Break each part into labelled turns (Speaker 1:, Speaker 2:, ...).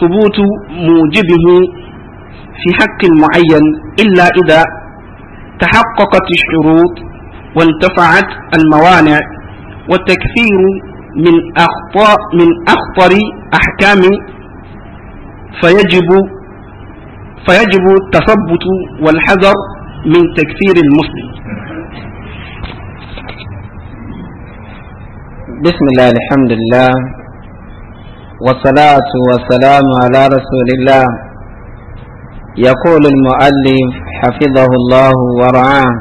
Speaker 1: ثبوت موجبه في حق معين إلا إذا تحققت الشروط وانتفعت الموانع والتكثير من أخطاء من أخطر أحكام فيجب فيجب التثبت والحذر من تكثير المسلم بسم الله الحمد لله والصلاة والسلام على رسول الله يقول المؤلف حفظه الله ورعاه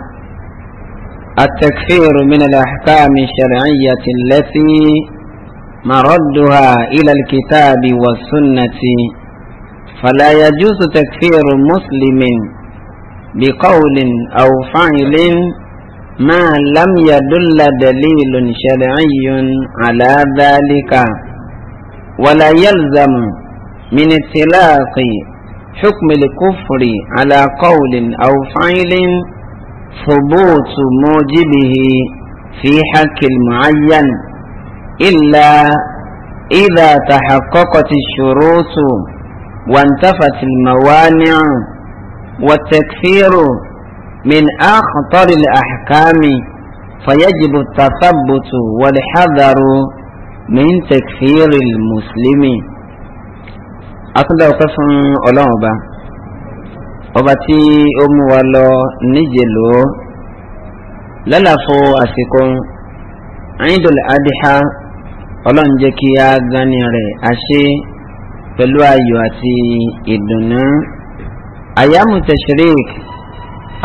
Speaker 1: التكفير من الأحكام الشرعية التي مردها إلى الكتاب والسنة فلا يجوز تكفير مسلم بقول أو فعل ما لم يدل دليل شرعي على ذلك ولا يلزم من اتلاق حكم الكفر على قول أو فعل ثبوت موجبه في حق المعين إلا إذا تحققت الشروط وانتفت الموانع والتكفير من أخطر الأحكام فيجب التثبت والحذر min takfiril muslimi akúndàwọ̀pẹ́ fún ọlọ́run ọba ọba tí ó mú wa lọ níje lò ó lálàfo àsìkò Eidul Adha ọlọ́run jẹ́ kí a gani rẹ̀ a ṣe pẹ̀lú ayọ̀ àti ìdùnnú àyàmù tẹ̀sírìk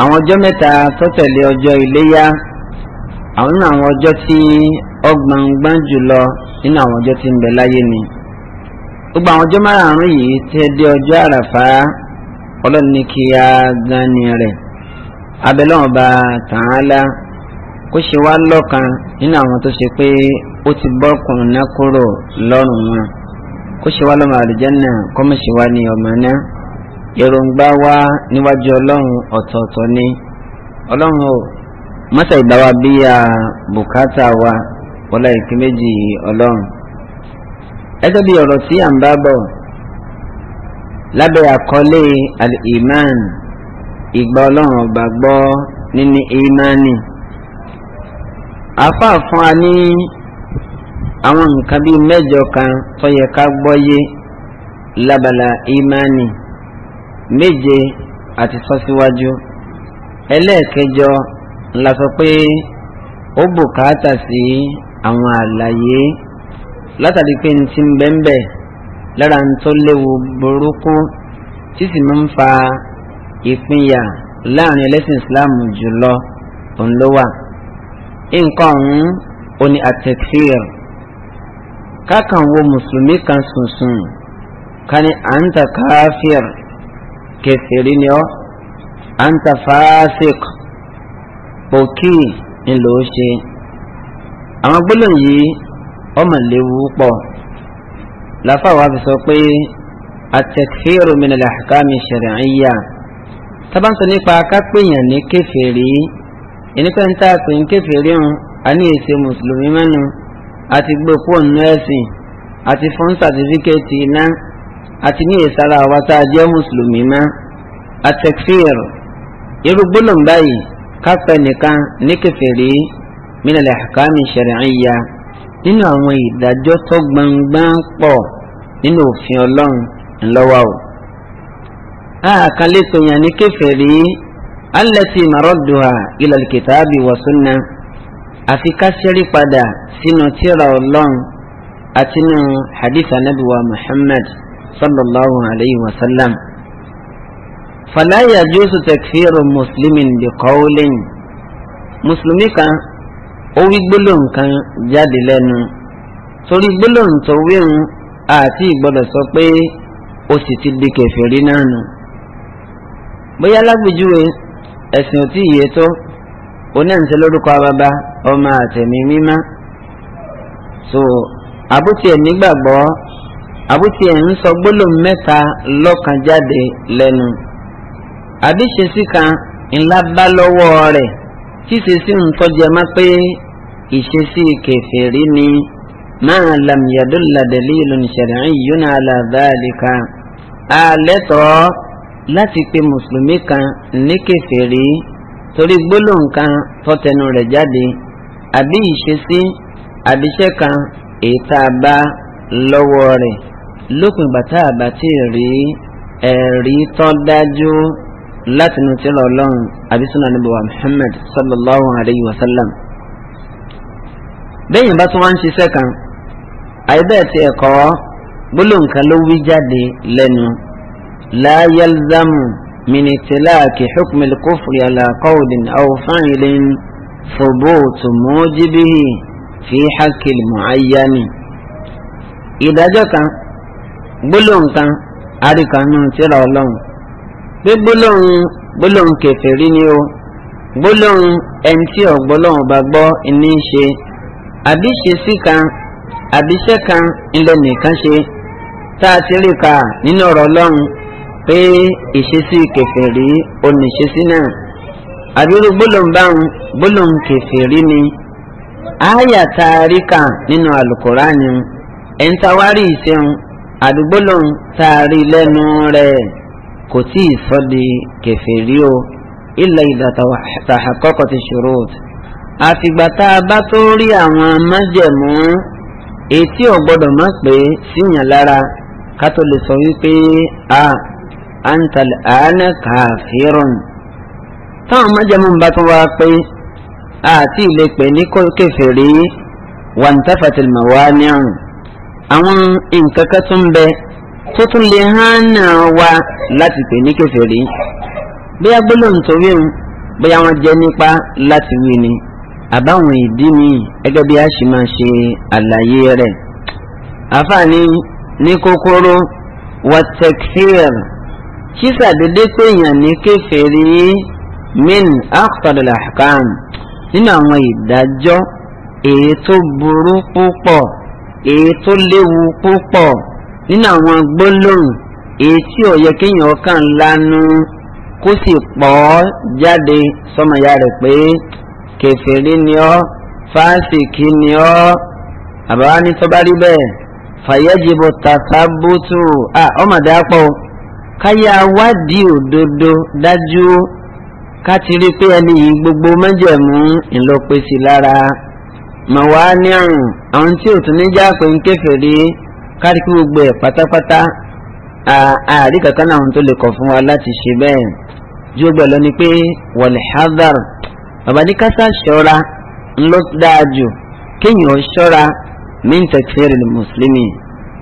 Speaker 1: àwọn ọjọ́ mẹ́ta tó tẹ̀lé ọjọ́ iléyá àwọn àwọn ọjọ́ tí ọgbọ̀ngbọ̀n jùlọ nínú àwọn ọjọ́ tí ń bẹ láyé ni gbogbo àwọn ọjọ́ márààrún yìí tẹ́ dé ọjọ́ àràfá ọlọ́run ní kí á gani rẹ̀ abẹ́lọ́wọ́n bá tààlà kó ṣe wá lọ́kan nínú àwọn tó ṣe pé ó ti bọ́kùnrin náà lọ́rùn wọn kó ṣe wá lọ́mọ àlùjánnà kó mọ̀ ṣe wá ní ọmọ náà èròǹgbà wa níwájú ọlọ́run ọ̀tọ̀ọ̀tọ̀ ni ọlọ́run ò mọ́sà ìgbà wa bí i bùkátà wa ọlá ìkí méjì ọlọ́run ẹgbẹ́ bíi ọ̀rọ̀ tí à ń bá bọ̀ lábẹ́ àkọlé al-iman ìgbà ọlọ́run ọba gbọ́ níní imani afa fún wa ní àwọn nǹkan bíi mẹ́jọ kan tó yẹ ká gbọ́yé lábala imani méje àti sọ́síwájú ẹlẹ́ẹ̀kẹjọ ńlá sọ pé ó bùkátà sí àwọn àlàyé látàrí pé ní ti ń bẹ́ńbẹ́ lára ń tó léwu burúkú tí sì máa ń fa ìpínyà láàrin ẹlẹ́sìn Islam jùlọ òun nǹkan ọ̀hún ó àtẹ̀fíìr kákan wo mùsùlùmí kan sùnsùn ká àǹtà káfíìr kẹfìrí ni ọ́ àǹtà fáásìk pòkì ńlọ ṣe àwọn gbólóhùn yìí ọmọ léwu pọ̀ láfàwà fi sọ pé atẹ̀kẹ́rù min al-ahkami shari'iyya tábàǹsọ nípa kápẹ́yàn ní kèfèrí ìnípẹ́ ń tààpẹ́ ń kèfèrí hàn á ní èsì mùsùlùmí mẹ́nu àti gbòkú ọ̀nà ẹ̀sìn àti fún sàtífíkẹ́ẹ̀tì iná àti ní ìsara àwa tá a jẹ́ mùsùlùmí mọ́ atẹ̀kẹ́rù irú gbólóhùn báyìí kápẹ́ nìkan ní kèfèrí min al-ahkam ash-shar'iyya nínú àwọn ìdájọ́ tó gbangban pọ̀ nínú òfin ọlọ́run ńlọ́wọ́ o. àkàlẹ́ sọ̀yàn ní kèfèrí allati maradduha ila al-kitabi wa sunnah àfi ká ṣẹ́rí padà sínú tírà ọlọ́run àti nù hadith anabi wa sallallahu alayhi wa sallam. fala yajuzu takfiru muslimin bi mùsùlùmí kan ó wí gbólóhùn kan jáde lẹ́nu torí gbólóhùn tó wíhun àti ìgbọ́dọ̀ sọ pé ó sì ti di kèfèrí náà nù bóyá lágbèjúwe ẹ̀sìn ò tí ì yé tó oníyànjẹ lórúkọ ababa ọmọ àtẹ̀mí mímá so àbútí ẹ̀ nígbàgbọ́ àbútí ẹ̀ ń sọ gbólóhùn mẹ́ta lọ́kàn jáde lẹ́nu àbíṣesí kan ńlá bá lọ́wọ́ rẹ̀ ṣíṣe sí nǹkan jẹmọ́ pé ìṣesí kẹfìrí ni máa lam yadulla dalilun shar'iyyun ala dhalika àlẹ́tọ̀ọ́ láti pe mùsùlùmí kan ní kẹfìrí torí gbólóhùn kan tọ́tẹnu rẹ̀ jáde àbí ìṣesí àbíṣẹ́ kan ètà bá lọ́wọ́ rẹ̀ lópin bàtà àbátì rí ẹ̀rí tó dájú láti nu tí ra ọlọ́run àbí súnà níbi wa Muhammad sallallahu alayhi wa sallam. bẹ́yìn bá tún wá ń ṣiṣẹ́ kan àyẹ̀bẹ̀ tí ẹ̀kọ́ gbólóǹkan ló wí jáde lẹ́nu la yalzamu min itilaki hukmi al-kufri ala qawlin aw fa'ilin thubutu mujibihi fi haqqi al ìdájọ́ kan gbólóǹkan àríkànnú tí ra ọlọ́run pé gbólóhùn gbólóhùn kèfèrí ni o gbólóhùn ẹni tí ọ̀gbọ́lọ́hùn bá gbọ́ ní í ṣe àbí ṣe sí kan àbí iṣẹ́ kan ńlẹ̀ nìkan ṣe tá a ti rí ka nínú ọ̀rọ̀ ọlọ́run pé ìṣesí kèfèrí oníṣesí náà àbí gbólóhùn báwọn gbólóhùn kèfèrí ni àyà tá a rí ka nínú àlùkòránì ẹ̀ńtàwárí ìṣeun àdúgbòlóhùn tá a rí lẹ́nu rẹ̀ kò tí ì sọ di kèfèrí o illa idha tahaqqaqati shurut àtìgbà tá a bá tó rí àwọn májẹ̀mú etí ò gbọ́dọ̀ má pé síyàn lára ká tó lè sọ wípé a antal ana kafirun táwọn májẹ̀mú bá tún wá pé àti ilé pè ní kèfèrí wàǹtàfàtìmọ̀wá ní àwọn nǹkan kan tún bẹ́ẹ̀ tó tún lè hánà wa láti pè ní kèfèrí bóyá gbólóhùn tó wíwù bóyá wọn jẹ nípa láti wí ni àbáwọn ìdí mi gẹ́gẹ́ bí a ṣe máa ṣe àlàyé rẹ̀ àfààní ní kòkòrò wàtẹkfíìr ṣíṣàdédé péyàn ní kèfèrí min akpọ̀dọ̀ làkàn nínú àwọn ìdájọ́ èyí tó burú púpọ̀ èyí tó léwu púpọ̀ nínú àwọn gbólóhùn èyí tí ò yẹ kéèyàn ọkàn lanu kó sì pọ̀ ọ́ jáde sọmọ ìyá rẹ̀ pé kèfèrí ni ọ́ fásìkì ni ọ́ àbáwá ní tọ́ bá rí bẹ́ẹ̀ fàyẹ́jìbò tàtàbùtù à ọmọ dàpọ̀ káyà wádìí òdodo dájú ká ti rí pé ẹni yìí gbogbo májẹ̀mú ńlọpẹ́sì lára màwá ní àrùn àwọn tí ò tún ní jápé ń kèfèrí kárí pé gbogbo ẹ̀ pátápátá àárí kankan náà tó lè kọ̀ fún wa láti ṣe bẹ́ẹ̀ ju gbẹ̀ lọ ni pé wọ̀lẹ̀hádàr bàbá ní kásá ṣọ́ra ńlọ dáa jù kéèyàn ṣọ́ra min takfiri mùsùlùmí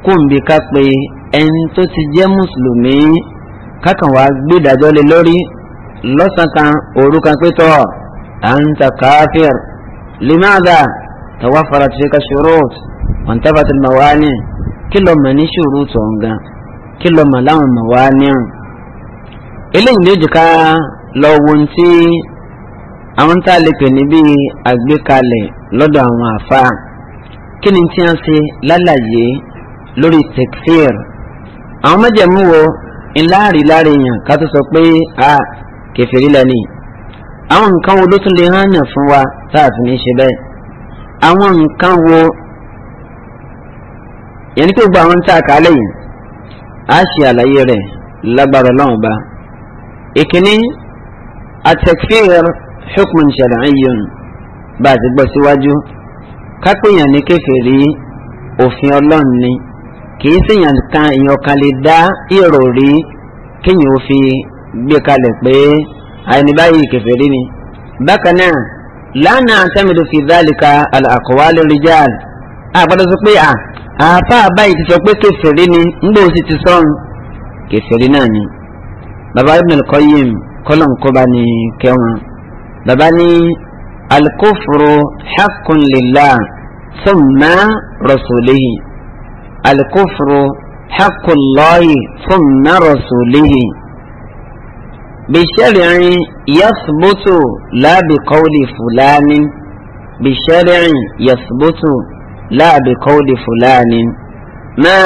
Speaker 1: kó n bí ká pé ẹni tó ti jẹ́ mùsùlùmí kákan wàá gbé ìdájọ́ lé lórí lọ́sàn kan òru kan pétọ́ anta káfíìr limáàdà tawaffarat fika shurut wàntàfàtì mawani kí lọ mọ̀ ní ṣòro tó ń gan kí lọ mọ̀ láwọn mọ̀ wá nírun eléyìí ló jìká lọ wo ohun tí àwọn tá a lè pè ní bíi àgbékalẹ̀ lọ́dọ̀ àwọn àfáà kí ni tí a ṣe lálàyé lórí tekfir àwọn mẹ́jẹ̀mú wo ńláàrí láre yàn ká tó sọ pé a kẹfìrí lẹ́ni àwọn nǹkan wo ló tún lè hàn yàn fún wa tá a fi ní ṣe bẹ́ẹ̀ àwọn nǹkan wo yẹn ni pé gbogbo àwọn tá a kà á lẹ́yìn á ṣe àlàyé rẹ̀ lágbára lọ́wọ́ bá ìkíní at-takfir hukmun shar'iyyun bá a ti gbọ́ síwájú kápẹ́yàn ní kèfèrí òfin ọlọ́run ni kìí sèyàn kan èèyàn kan lè dá èrò rí kéèyàn ó fi gbé kalẹ̀ pé àìní báyìí kèfèrí ni. bákan náà lánàá tẹ́mìlú fi dhalika al-aqwal àgbàdo sọ pé à àáfà àbáyé ti sọ pé kẹfẹ́rí ni ńgbò sì ti sọ́run kẹfẹ́rí náà ni baba ibn al-Qayyim kọ́lọ̀nkọ́ba ni kẹwọn baba ni al-kufru haqqun lillah thumma rasulihi al-kufru haqqun Allahi thumma rasulihi bishari'in yathbutu fulani bishari'in yathbutu. لا بقول فلان ما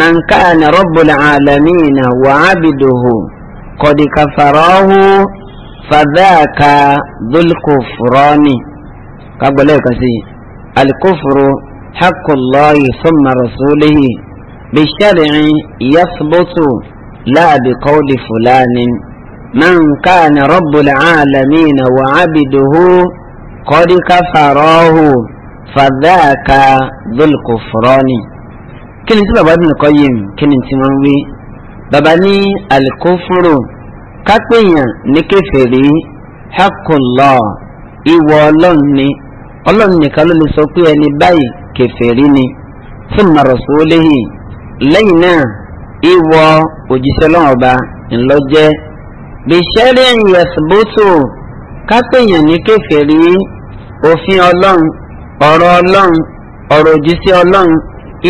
Speaker 1: من كان رب العالمين وعبده قد كفراه فذاك ذو الكفران قبل سي الكفر حق الله ثم رسوله بالشرع يثبت لا بقول فلان من كان رب العالمين وعبده قد كفراه fàdáàkà dólùkù fúrọ́ọ̀nì kí ni tí bàbá Ibn Qayyim kí ni tí wọ́n wí bàbá ní alikófúrò kápẹ́yàn ní kèfèrí hakulọ ìwọ ọlọ́run ni ọlọ́run nìkan ló lè sọ pé ẹni báyìí kèfèrí ni fún màrọ̀sọ́lẹ́hì lẹ́yìn náà ìwọ òjíṣẹ́ ọlọ́run ọba ńlọ́jẹ́ bìṣẹ́rẹ́ ìyẹ̀sìbótò ní kèfèrí òfin ọlọ́run ọ̀rọ̀ ọlọ́run ọ̀rọ̀ òjíṣẹ́ ọlọ́run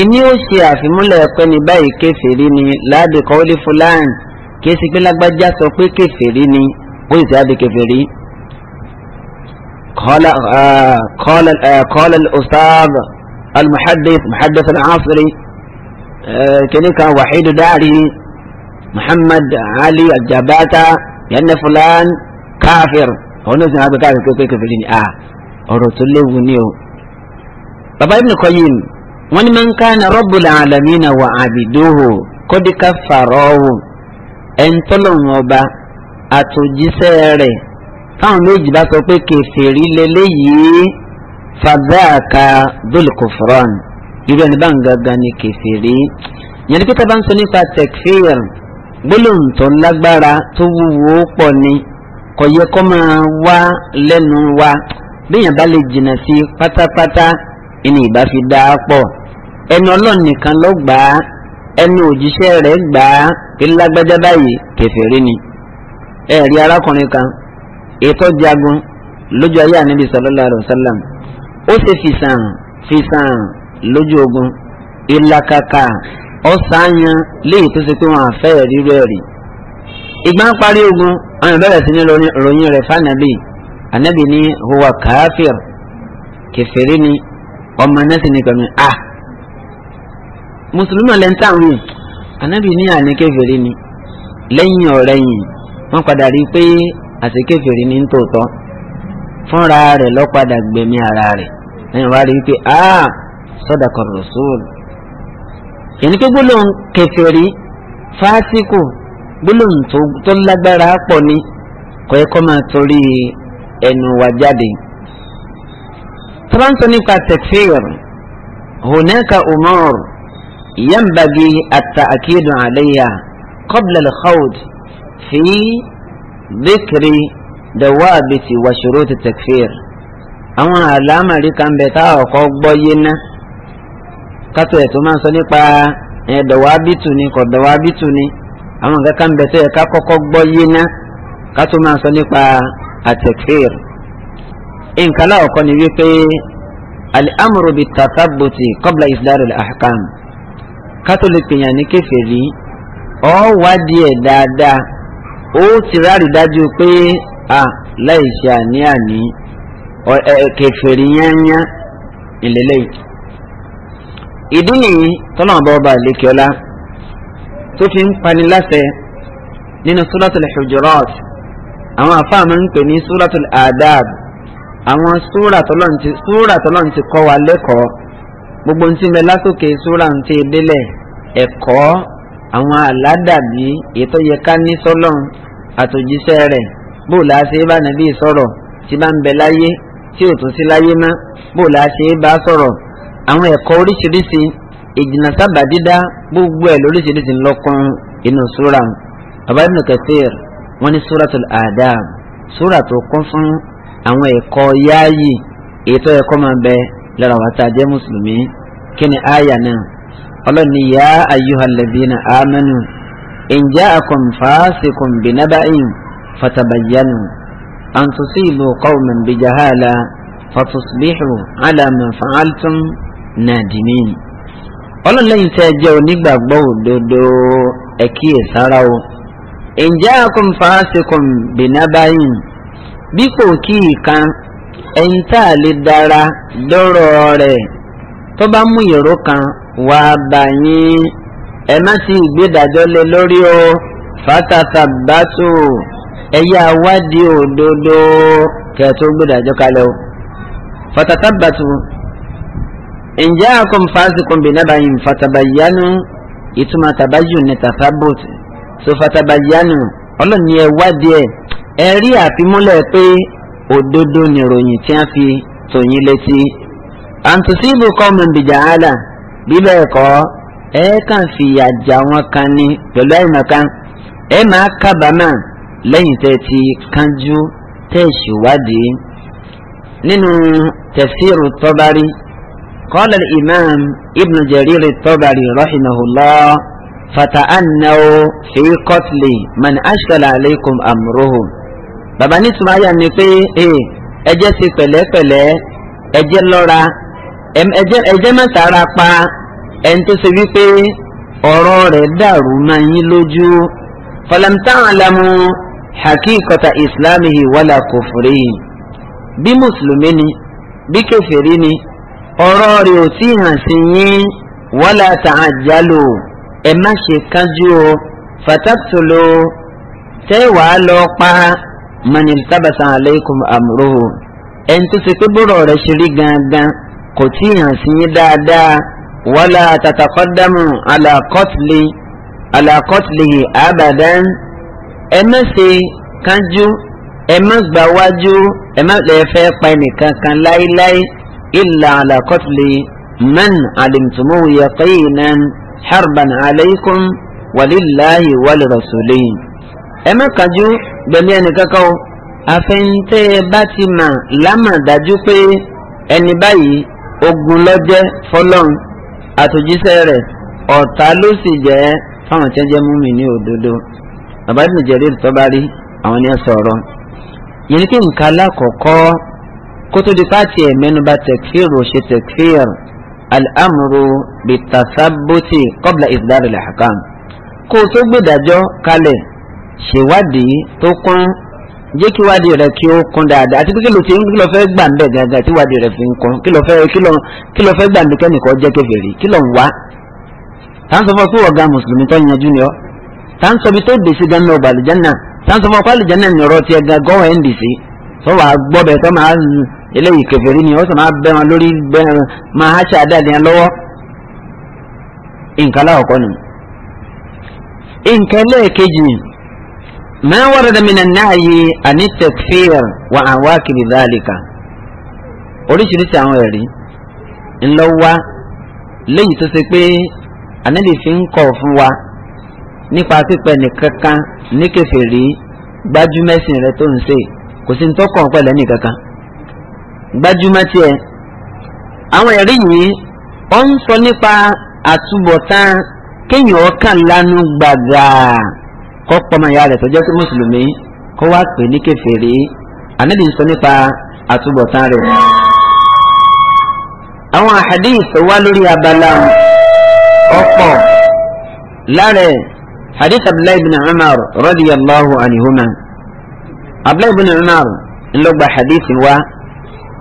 Speaker 1: ìní ó ṣe àfimúlẹ̀ pé ní báyìí kèfèrí ni láàbì kọ́ọ́lì fúláàrin kìí sì pé lágbájá sọ pé kèfèrí ni kó sì sáàbì kèfèrí. kọ́lá ah, ah, ustaz al-muhaddith muhaddith al-asri eh, kìíní kan wàhídù dáàrí muhammad ali al-jabata yanni fúláàn káfíìr àwọn oníṣẹ́ àgbẹ̀ káfíìr pé kèfèrí ni ah, ọ̀rọ̀ tó léwu ni o baba ibn Qayyim wọ́n ní man kana rabbul alamina wa abiduhu kọ́díkà fàrọ́wù ẹ̀ńtọ́lọ́wọ́n ọba àtòjíṣẹ́ rẹ̀ táwọn méjì bá sọ pé kèfèrí lélẹ́yìí fàdáàkà dólùkùfúrọ́n irú ẹni bá ń gangan ni kèfèrí yẹn pété bá ń sọ nípa tekfir gbólóhùn tó lágbára tó wúwo pọ̀ ni kò yẹ kó máa wá lẹ́nu wa bí yẹn bá lè jìnnà sí pátápátá ẹni ìbá fi dá a pọ̀ ẹnu ọlọ́run nìkan ló gbà á ẹnu òjíṣẹ́ rẹ̀ gbà á pé lágbájá báyìí kèfèrí ni ẹ rí arákùnrin kan ètò jagun lójú ayé ànábì sallallahu alaihi wasallam ó ṣe fìsàn fìsàn lójú ogun ìlàkàkà ọ̀sányàn léyìí tó ṣe pé wọn àfẹ́ ríro ẹ̀rí ìgbà ń parí ogun àwọn ìbẹ̀rẹ̀ sí ní ròyìn rẹ̀ fànàbì ànábì ní huwa káfíìr kèfèrí ni ọmọ náà sì ní kàmí a mùsùlùmí ọ̀lẹ́ntà ń rìn ànábì ní àníkèfèrè ni lẹ́yìn ọ̀rẹ́yìn wọ́n padà rí i pé ni ní tòótọ́ fúnra rẹ̀ ló padà gbẹ̀mí ara rẹ̀ lẹ́yìn wá rí i pé a sadaqa rasul yẹn ni pé gbólóhùn kèfèrí fásíkù gbólóhùn tó lágbára pọ̀ ni kọ́ ẹ kọ́ máa torí ẹnu wa jáde tọ́lánsọ nípa tẹ̀kfíìr hùnẹ́ka umar yambagi àtàkìdùn àlẹ́yà kọ́bìlẹ̀ lẹ́kọ́d fi bíkiri dẹ̀wáàbìtì wàṣúrò ti tẹ̀kfíìr. àwọn àlámàrí kan bẹ̀ tá ọ̀kọ́ gbọ́ yé ná kátó ẹ̀ tó máa sọ nípa ẹ̀dọ̀wábìtù ni kọ̀dọ̀wábìtù ni àwọn kankan bẹ̀ tó yẹ ká kọ́kọ́ gbọ́ yé ná kátó máa sọ nípa àtẹ̀kfíìr nǹkan láwọ̀kọ́ ni wípé al-amru bit-tathabbuti qabla isdar al-ahkam kátólíkì yàn ní kèfèrí ọ wádìí ẹ̀ dáadáa ó ti rárí dájú pé a láì ṣe àní-àní kèfèrí yányá ìlélẹ́yìí ìdí nìyí tọ́lọ́mọba ọba àlékiọ́lá tó fi ń pani láṣẹ nínú suratul hujurat àwọn àfáà ń pè ní suratul adab àwọn súrà tọ́lọ́n ti kọ́ wa lẹ́kọ̀ọ́ gbogbo ń ti bẹ lásòkè súrà ń ti délẹ̀ ẹ̀kọ́ àwọn àládàbí ètò yẹ ká ní sọ́lọ́n àtòjíṣẹ́ rẹ̀ bó la ṣe bá nàbí sọ̀rọ̀ tí bá ń bẹ láyé tí ò tún sí láyé mọ́ bó la ṣe bá sọ̀rọ̀ àwọn ẹ̀kọ́ oríṣiríṣi ìjìnà sábà dídá gbogbo ẹ̀ lóríṣiríṣi ńlọ́kùn inú súrà bàbá Ibn Kathir ní súrà tó àdáàb súrà tó kún fún àwọn ẹ̀kọ́ yáàyè èyí tó yẹ kó máa bẹ lára wa tá a jẹ́ mùsùlùmí kí ni àyà náà ọlọ́ni yá ayyuhalladhina amanu in ja'akum fasiqun binaba'in fatabayyanu an tusibu qawman bijahala fatusbihu ala ma fa'altum nadimin ọlọ́lẹ́yìn tẹ́ ẹ jẹ́ onígbàgbọ́ òdodo ẹ̀kíyèsára o in ja'akum fasiqun binaba'in bí kò kí ìkan ẹni tá a lè dára lọ́rọ̀ rẹ̀ tó bá mú ìró kan wà á bà yín ẹ má sì gbẹ́dàjọ́ lé lórí o fàtàtà bàtò ẹ̀yà wádìí òdodo kẹ̀tọ́ gbẹ́dàjọ́ kalẹ̀ o fàtàtà bàtò ǹjẹ́ àkọ́m fásikùn bìnnábàáyìn fàtàbàyánu ìtumọ̀ tàbáyù ní tàfàbùt so fàtàbàyánu ọlọ́ni ẹ wádìí ẹ̀ ẹ̀rí àfimúlẹ̀ pé òdodo nìròyìn tí a fi tòyìn létí àǹtòsíbù kọ́mọ̀n bìjà àlà bíbẹ̀ ẹ̀kọ́ ẹ kàn fi àjà wọn kan ní pẹ̀lú àìmọ̀kan ẹ máa kábàámà lẹ́yìn tẹ́ ti kánjú tẹ́ ṣèwádìí nínú tafsiru tọ́bárí قال الإمام ابن جرير الطبري رحمه الله فتأنوا في قتل من أشكل عليكم أمرهم bàbá nítumọ̀ ayà ni pé ẹ jẹ́ sí pẹ̀lẹ́pẹ̀lẹ́ ẹ jẹ́ lọ́ra ẹ jẹ́ má tara pa ẹni tó ṣe wípé ọ̀rọ̀ rẹ̀ dàrú máa yín lójú falam ta'lamu hakikata islamihi wala kufrihi bí mùsùlùmí ni bí kèfèrí ni ọ̀rọ̀ rẹ̀ ò tí hàn sí yín wala ta'ajjalu ẹ má ṣe kánjú o fataktulu tẹ́ lọ pa á mani tabasa aleikum amruhu ẹni tó ṣe pé bọ́rọ̀ rẹ̀ ṣe rí gangan kò tí ì hàn sí yín dáadáa wala tatakọ́dámù alakọ́tìlì alakọ́tìlì abadan ẹ má ṣe kánjú ẹ má gbà wájú ẹ má lè fẹ́ pa ẹnìkan kan láéláé illa alakọ́tìlì man alimtumu yaqinan harban aleikum walilahi walirasuli ẹ má kánjú gbẹ̀mí ẹnìkankan o àfẹnitẹ́ bá ti mà lámà dájú pé ẹni báyìí ogun lọ́jẹ́ fọlọ́run àtòjíṣẹ́ rẹ̀ ọ̀tá ló sì jẹ́ fáwọn tí wọ́n jẹ́ múmi ní òdodo àbádùn ìjẹ́rí ìtọ́ba rí àwọn ní sọ̀rọ̀ yìí kí nǹkan alákọ̀ọ́kọ́ kó tó di pàtì ẹ̀ mẹ́nuba tẹ̀kfíìrù ṣe tẹ̀kfíìrù al'amuru bitasabuti kọ́bla ìsìlárìlẹ̀ àkàm kó o tó gbèdájọ́ kalẹ̀ ṣèwádìí tó kún jẹ́ kí wádìí rẹ̀ kí ó kún dáadáa àti pé kí ló ti kí ló fẹ́ gbà ń bẹ̀ gàgà tí wádìí rẹ̀ fi ń kún kí ló fẹ́ kí ló kí ló fẹ́ gbà ń bẹ̀ kẹ́nìkan jẹ́ kèfèrí kí ló ń wá. tá à ń sọ fún ọ pé ọ̀gá mùsùlùmí tó yanjú ni ọ tá à ń sọ bí tó dèsí gan ní ọgbà àlùjáná tá fún ọ àlùjáná ni ọ̀rọ̀ tiẹ̀ gan gọ́wọ̀ ẹ̀ ń wàá gbọ́ bẹ̀ tó máa eléyìí kèfèrí ni ó sì máa bẹ́ wọn lórí bẹ́ wọn máa háṣà dáadáa lọ́wọ́ nǹkan láwọ̀ kọ́ nù nǹkan lẹ́ẹ̀kejì ما ورد من النهي عن التكفير وعواقب ذلك oríṣiríṣi àwọn ẹ̀rí ńlọ wá léyìí tó ṣe pé ànábì fi ń kọ̀ fún wa nípa pípẹ́ nìkankan ní kèfèrí gbájúmẹ́sìn rẹ tó ń ṣe kò sí ní tó kàn pẹ̀lẹ́ nìkankan gbájúmọ́ tiẹ̀ àwọn ẹ̀rí yìí ó ń sọ nípa àtúbọ̀tán kéèyàn ọkàn lanu gbàgbà kọ́ pọ́nmọ ìyá rẹ̀ tó jẹ́ sí mùsùlùmí kó wá pè ní kèfèrí ànábì ń sọ nípa àtúbọ̀tán rẹ̀. àwọn hadith wá lórí abala ọ̀pọ̀ lára hadith abdullahi ibn umar radiyallahu anihuma abdullahi ibn umar ńlọgba hadith wa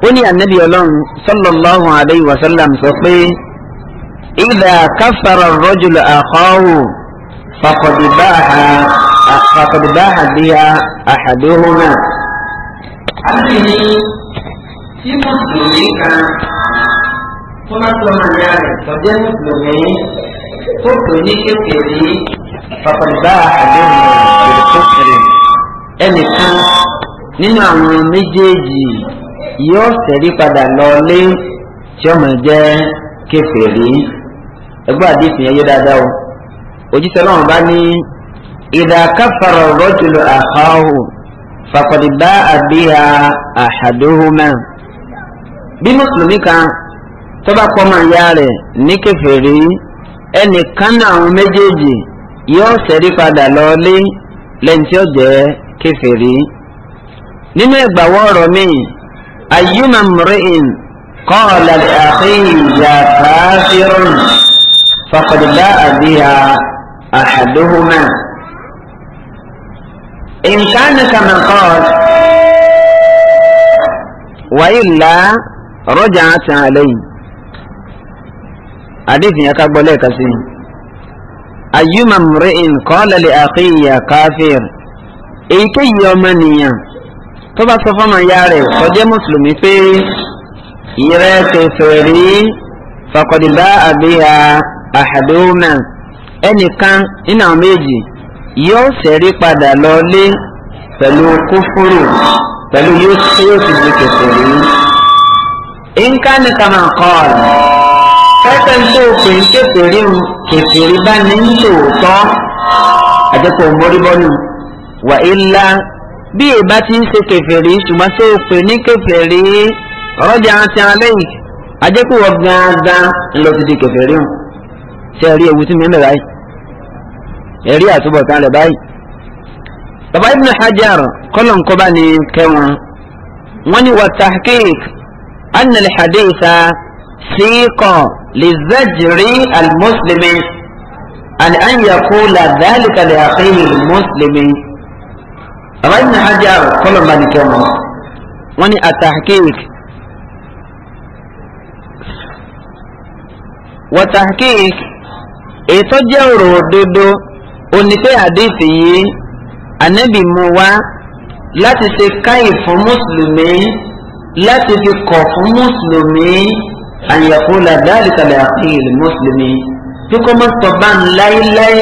Speaker 1: ó ní ànábì ọlọ́run sallallahu alayhi wa sọ pé ìdá káfàrà rọ́jùlọ àkọ́hù. فقد باها فقد باها بها أحدهما أبني في مسلمين ثم ثم يعني فجاء مسلمين فقدني كثيري فقد باها بها بالكفر ẹnì kan nínú àwọn méjèèjì yóò ṣẹ́rí padà lọlé tí ọmọ jẹ́ kèfèrí ẹgbẹ́ àdìsìn ẹyẹ dáadáa o òjíṣẹ́ náà bá ní idha kafara rajulu akhahu faqad ba'a biha ahaduhuma bí mùsùlùmí kan tó bá kọ́ máa yá rẹ̀ ní kèfèrí ẹnìkan náà àwọn méjèèjì yóò ṣẹ́rí padà lọ́ọ́lé lẹ́yìn tí ó jẹ́ kèfèrí nínú ìgbàwọ́ ọ̀rọ̀ mi ayyuma mri'in qala li akhihi ya kafirun faqad أحدهما إن كان كما قال وإلا رجعت علي حديث يكتب لك أيما امرئ قال لأخي يا كافر إيكي يومانيا تبا صفما ياري قد مسلم في إيرا فقد باء بها أحدهما ẹnìkan nínú àwọn méjì yóò ṣẹ́rí padà lọlé pẹ̀lú kúfúrú pẹ̀lú yóò ṣe yóò fi di kẹsìrì. nǹkanì kan máa kọ́ ọ̀rọ̀ pẹ́pẹ́ tó pè ń kẹsìrì ń kẹsìrì bá ní ń tòótọ́ àdẹ́pọ̀ mọ́ríbọ́nù wà ilá bí ìbá ti ń ṣe kẹfẹ̀rí ṣùgbọ́n tó pè ní kẹfẹ̀rí ọ̀rọ̀ jẹ́ àti alẹ́ yìí àdẹ́pọ̀ gangan ńlọ ti di kẹfẹ̀rí hàn. شهريه وسمي ما باي شهريه سبو كان باي طبعا ابن حجر قال قباني كما وني والتحقيق ان الحديث سيق للزجر المسلم ان ان يقول ذلك لاخيه المسلم طبعا ابن حجر قال قباني كما وني التحقيق وتحقيق ètò jẹ́ ọ̀rọ̀ òdodo onífẹ́ àdéhìí yìí ànábì mú wá láti ṣe káyì fún mùsùlùmí láti fi kọ̀ fún mùsùlùmí àyẹ̀kú làdáàlì kàlẹ́ àfihàn mùsùlùmí tí kò mọ̀ sọ bá ń láéláé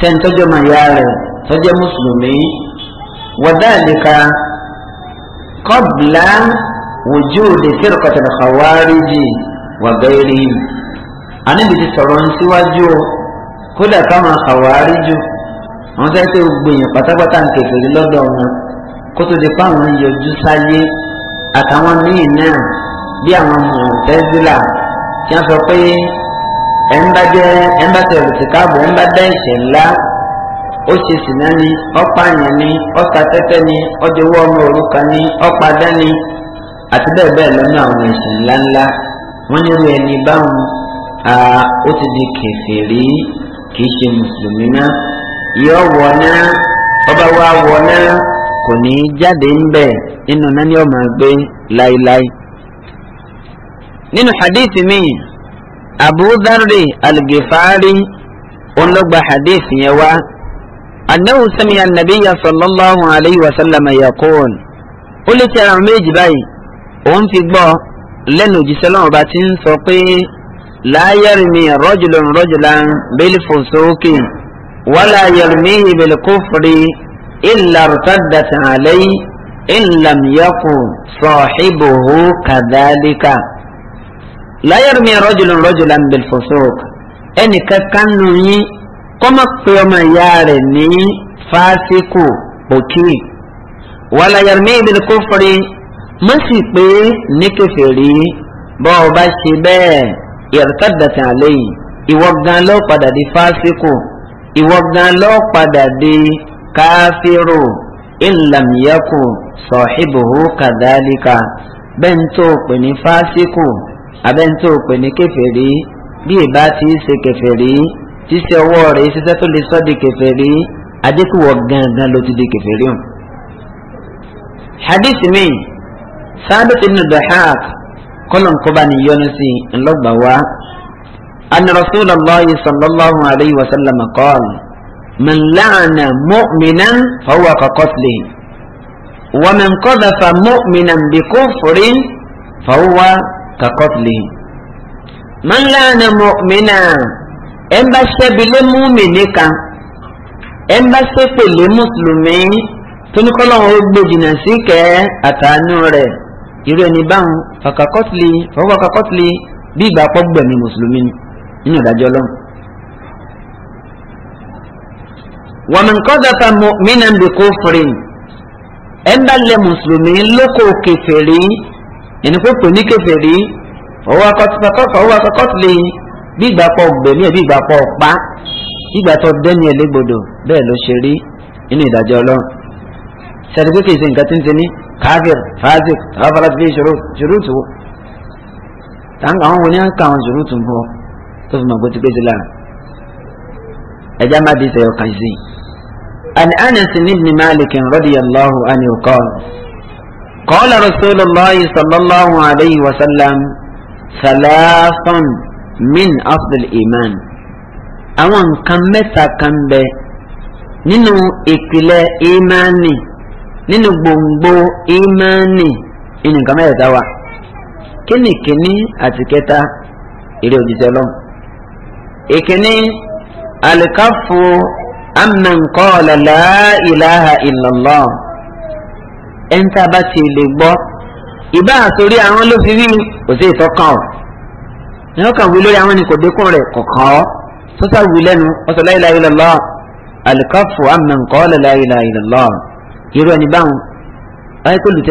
Speaker 1: sẹ́ńtọ́jọ́ màyá rẹ̀ tọ́jọ́ mùsùlùmí wàdáàlìkà kọ́bìlà wùjú òde fírkọ̀tà kàwárí jì wàgbẹ́rì yìí anábì ti sọ̀rọ̀ ń síwájú o kódà káwọn àwárí jù wọn fẹ́ pé gbìyàn pátápátá ń kékeré lọ́dọ̀ wọn kó tó di páwọn yọjú sáyé àtàwọn míì náà bí àwọn mọ̀tẹ́sílà tí wọ́n sọ pé ẹ̀ ń bá jẹ́ ẹ̀ ń bá tẹ̀lé tìkáàbọ̀ ẹ̀ ń bá dá ìṣẹ̀ ńlá ó ṣe sìnà ni ọ̀pààyàn ni ọ̀tàtẹ́tẹ́ ni ọ̀dẹ̀wọ́ ọmọ òrukàn ni ọ̀padà ni àti bẹ́ẹ̀ bẹ́ẹ̀ lọ́nà àwọn ẹ̀ṣẹ̀ ńláńlá wọ́n ní ẹni báwọn ó ti di kèfèrí kìí ṣe mùsùlùmí náà yọ wọ náà ọba wa wọ náà kò ní í jáde ńbẹ nínú náà ni ó máa gbé láéláé. nínú hadithi mi abu dharri al-gifari òun ló gba hadithi yẹn wá annahu sami'a an sallallahu alayhi wa sallam yaqul ó méjì báyìí òun fi gbọ́ lẹ́nu òjíṣẹ́ lọ́wọ́ bá ti ń sọ pé láyẹ̀rì mi rọ́jùlọ́n rọ́jùlọ́n bẹ́ẹ̀lì fòsókè wàlá yẹ̀rì mi ìbẹ̀lì kófìrí ìlà rútàdàtì àlẹ́yìn ìlàm yẹ́kù sọ̀hìbòhù kàdálíkà. láyẹ̀rì mi rọ́jùlọ́n rọ́jùlọ́n bẹ́ẹ̀lì fòsókè ẹnì kankan nù yín kọ́mọ pé ọmọ ìyá rẹ̀ ní fásikù òkè wàlá yẹ̀rì mi kófìrí mọ́sì pé ní kẹfẹ́ rí bọ́ọ̀ bá ṣe bẹ́ẹ̀ ìyàtọ̀dàtì àléyìn ìwọ gan ló padà di fásikù ìwọ gan ló padà di káfíró ìlàmìyàkù sọ̀hìbùhù kàdálíkà bẹ́ẹ̀ ń tó pè ní fásikù abẹ́ẹ̀ ń tó pè ní kẹfẹ́rí bí ìbá ti ṣe kẹfẹ́rí ṣíṣe ọwọ́ rẹ̀ ṣiṣẹ́ tó lè sọ́ di kẹfẹ́rí adékùwọ̀ gangan ló ti di kẹfẹ́rí hadith mi sábẹ́ ti nù dọ̀hák kọ́lọ̀ nkọ́ba ni yọ́nu sí ńlọ́gbà wá. anna rasulallah sallallahu alayhi wa sallam qaal man la'ana mu'minan fahuwa ka qatlihi wa man qadhafa mu'minan bi kufrin fahuwa ka qatlihi. man la'ana mu'minan ẹ̀ ń bá ṣẹ́bi lé múmi-ní kan ẹ̀ ń bá ṣépè lé mùsùlùmí tóníkọ́lọ́hún ó gbèjìnà sí kẹ́ àtàánú rẹ̀ irú ẹni báwọn fàkàkọ́tìlì fọwọ́kàkọ́tìlì bí ìgbà pọ́gbẹ̀mí mùsùlùmí nínú ìdájọ́ ọlọ́run. wàmín kọ́dàfà mìíràn bí kò fèrè ẹ̀ńdà lẹ mùsùlùmí lóko kẹfẹ̀rí ẹni pé pè ní kẹfẹ̀rí fọwọ́kàkọ́tìlì bí ìgbà pọ́gbẹ̀mí ẹ̀ bí ìgbà pọ́ pa ìgbà tó dẹ́ni ẹ̀ légbodò bẹ́ẹ̀ ló ṣe rí nínú ìdájọ́ ọlọ́run. sẹ́dúkú kìí ṣe nǹkan tí ń ṣe ní káfíìr fásik ráfàlá fi ṣòrútù táǹkà àwọn wo ni ń ka àwọn ṣòrútù ń bọ tó fi ti pé ti lára ẹja má di kan sí. عن أنس بن مالك رضي الله عنه قال قال رسول الله صلى الله عليه وسلم ثلاث من أصل الإيمان àwọn nǹkan mẹ́ta kan bẹ nínú ìpìlẹ̀ nínú gbòǹgbò ìmánì inú nǹkan mẹ́rẹ̀ẹ́ta wa kíni kíní àti kẹta eré òjíṣẹ́ lọ́wọ́ ìkíní alikafu amman qala la ilaha illallah ẹ̀ńtà bá ti lè gbọ́ ìbá àsórí àwọn ló fi wí kò sí ìtọ́kàn ọ̀ ní ọkàn wí lórí àwọn ni kò dékun rẹ̀ kọ̀ọ̀kan ọ́ sọ́sà wí lẹ́nu ọ̀sọ̀ la ilaha alikafu amman qala ilaha illallah irú ẹni báwọn báyìí pẹ̀lú tí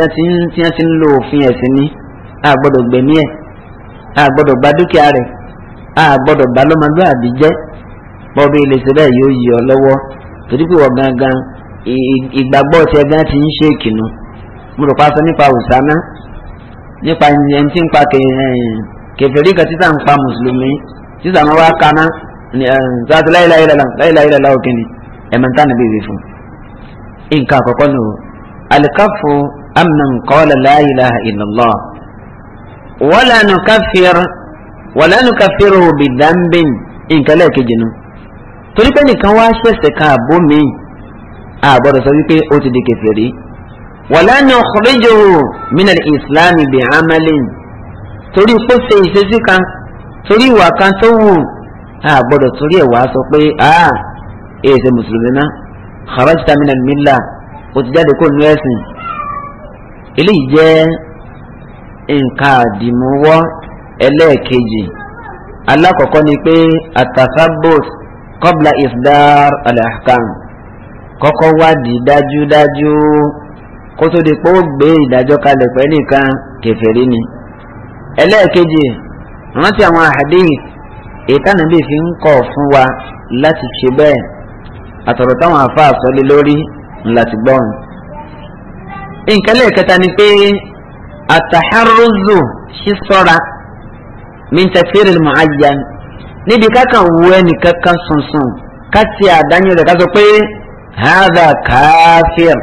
Speaker 1: wọ́n ti ń lo òfin ẹ̀sìn ni a gbọ́dọ̀ gbẹ̀mí ẹ̀ a gbọ́dọ̀ gba dúkìá rẹ̀ a gbọ́dọ̀ bá lọ́mọlúwàbí jẹ́ bọ́ọ̀bù ilé ṣe bẹ́ẹ̀ yóò yọ lọ́wọ́ torí pé wọ́n gangan ìgbàgbọ́ ti ẹ̀gán ti ń ṣe ìkìnnú mo rò pa sọ nípa òsánná nípa ẹni tí ń pa kẹfẹ́rí kan títà ń pa mùsùlùmí títà wọn wá kaná ṣáàtì láyé láyé lọ́la láyé láyé lọ́la òkè ni ẹ̀mẹ́ta níbi fún un nǹkan àkọ́kọ́ nù alikafu amnan qala la ilaha illallah wala nukaffir wala nukaffiruhu bidhanbin nǹkan lẹ́ẹ̀kejì nù torí pé nìkan wá ṣẹ̀ṣẹ̀ kan àbó mi àbọ̀dọ̀ sọ wípé ó ti di kèfèrí wala nukhrijuhu minal ìsìlámì bi amalin torí pé ṣe ìṣesí kan torí ìwà kan tó wù àbọ̀dọ̀ torí ẹ̀ wá sọ pé a ah, èsè mùsùlùmí náà kharajta min al-milla o ti jáde kó nu ẹ̀sìn eléyìí jẹ́ nǹkan àdìmúwọ́ ẹlẹ́ẹ̀kejì alákọ̀ọ́kọ́ ni pé atasabut qabla isdar al-ahkam kọ́kọ́ wádìí dájúdájú kó tó di pé ó gbé ìdájọ́ kalẹ̀ pẹ́ nìkan kẹfẹ́rí ni ẹlẹ́ẹ̀kejì rántí àwọn àhàdí ìtànàbí fi ń kọ̀ fún wa láti ṣe bẹ́ẹ̀ àtọ̀rọ̀ táwọn àáfàá sọlé lórí ńlá ti gbọ́rùn. nǹkan lẹ́ẹ̀kẹta ni pé àtàhárùzù ṣíṣọ́ra mintafiri muayyan níbi kákan wo ẹnìkan kan sùnsùn ká ti àdáyé rẹ̀ ká sọ pé hàdà káfíìr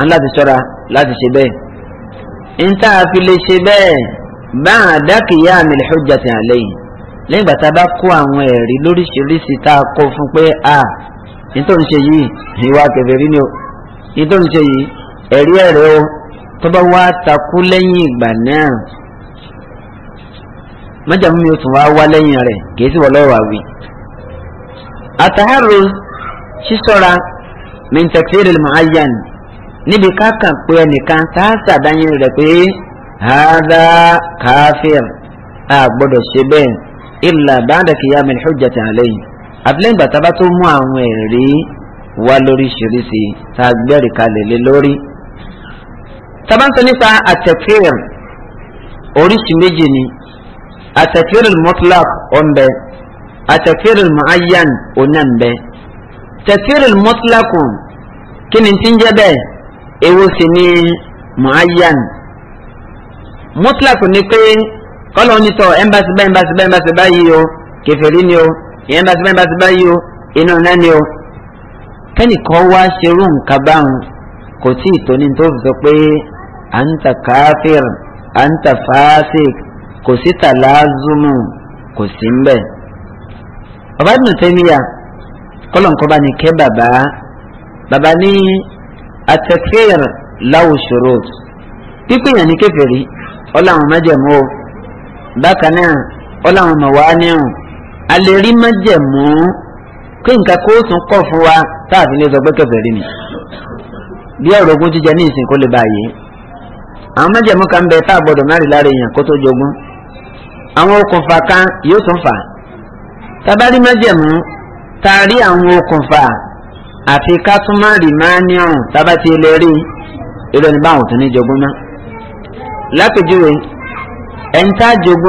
Speaker 1: án láti ṣọ́ra láti ṣe bẹ́ẹ̀. ń fi lè ṣe bẹ́ẹ̀ bá àdákìyà mi lè hujjati alayhi lẹ́yìn ìgbà tá a bá kó àwọn ẹ̀rí lóríṣiríṣi tá a kó fún pé a nítorí yìí ìwà kèfèrí ni o nítorí ṣe yìí ẹ̀rí ẹ̀rí o tó bá wá takú lẹ́yìn ìgbà náà májàmú mi ò tún wá wá lẹ́yìn rẹ̀ kìí sì wọ́n lọ́wọ́ àwì. àtàhárò sísọ́ra mintafiri muayyan níbi káàkà pé ẹnìkan tá a sàdáyìn rẹ̀ pé hàdà káfíìn a gbọ́dọ̀ ṣe bẹ́ẹ̀ ìlà báńdà kìyàmì hujjati alayhi àfilẹ́yìn bàtà bá tó mú àwọn ẹ̀rí wá lóríṣiríṣi tá a gbẹ́rì kalẹ̀ lé lórí. tabanso nípa àtẹ̀kìr oríṣi méjì ni àtẹ̀kìr mutlaq ọ̀nbẹ àtẹ̀kìr muayyan onanbẹ tẹ̀kìr mutlaq kí ni ti ń jẹ́ bẹ́ẹ̀ ewu sì ni muayyan mutlaq ni pé kọ́lọ̀ onítọ̀ ẹ̀ńbàṣì báyìí ẹ̀ńbàṣì báyìí ẹ̀ńbàṣì báyìí o kẹfẹ́rí ni o ẹ̀ńbàṣì báyìí ẹ̀ńbàṣì báyìí o inú ọ̀nà ni o. kẹ́nìkan wá ṣerú nǹkan báwọn kò tí ì tóní tó fi sọ pé à ń ta káfíìr à ń ta fásik kò sí tàlázùmù kò sí ń bẹ̀. bàbá Ibn Taymiyyah nǹkan bá ní kẹ́ bàbá bàbá ní àtẹ̀kẹ́r láwùsọ̀rọ̀ pípéyàn ní kẹfẹ́rí ọlọ́run májẹ̀mú o bákan náà ọlọ́run mọ̀ wá níhùn a lè rí májẹ̀mú pé nǹkan kó tún kọ̀ fún wa táàfin lè sọ pé kẹfẹ́ rí mi bí ọ̀rọ̀ ogún jíjẹ ní ìsìn kó lè báyé àwọn májẹ̀mú kan bẹ tá a gbọ́dọ̀ má rí lára èèyàn kó tó jogún àwọn okùnfà kan yóò tún fà tabari májẹ̀mú taari àwọn okùnfà àfi ká tún má rí má ní ọ̀rùn tábàtì ilé rí ìrọ̀lẹ́ báwọn tún ní jogún náà lápèjúwe ẹ̀ńtà jogún.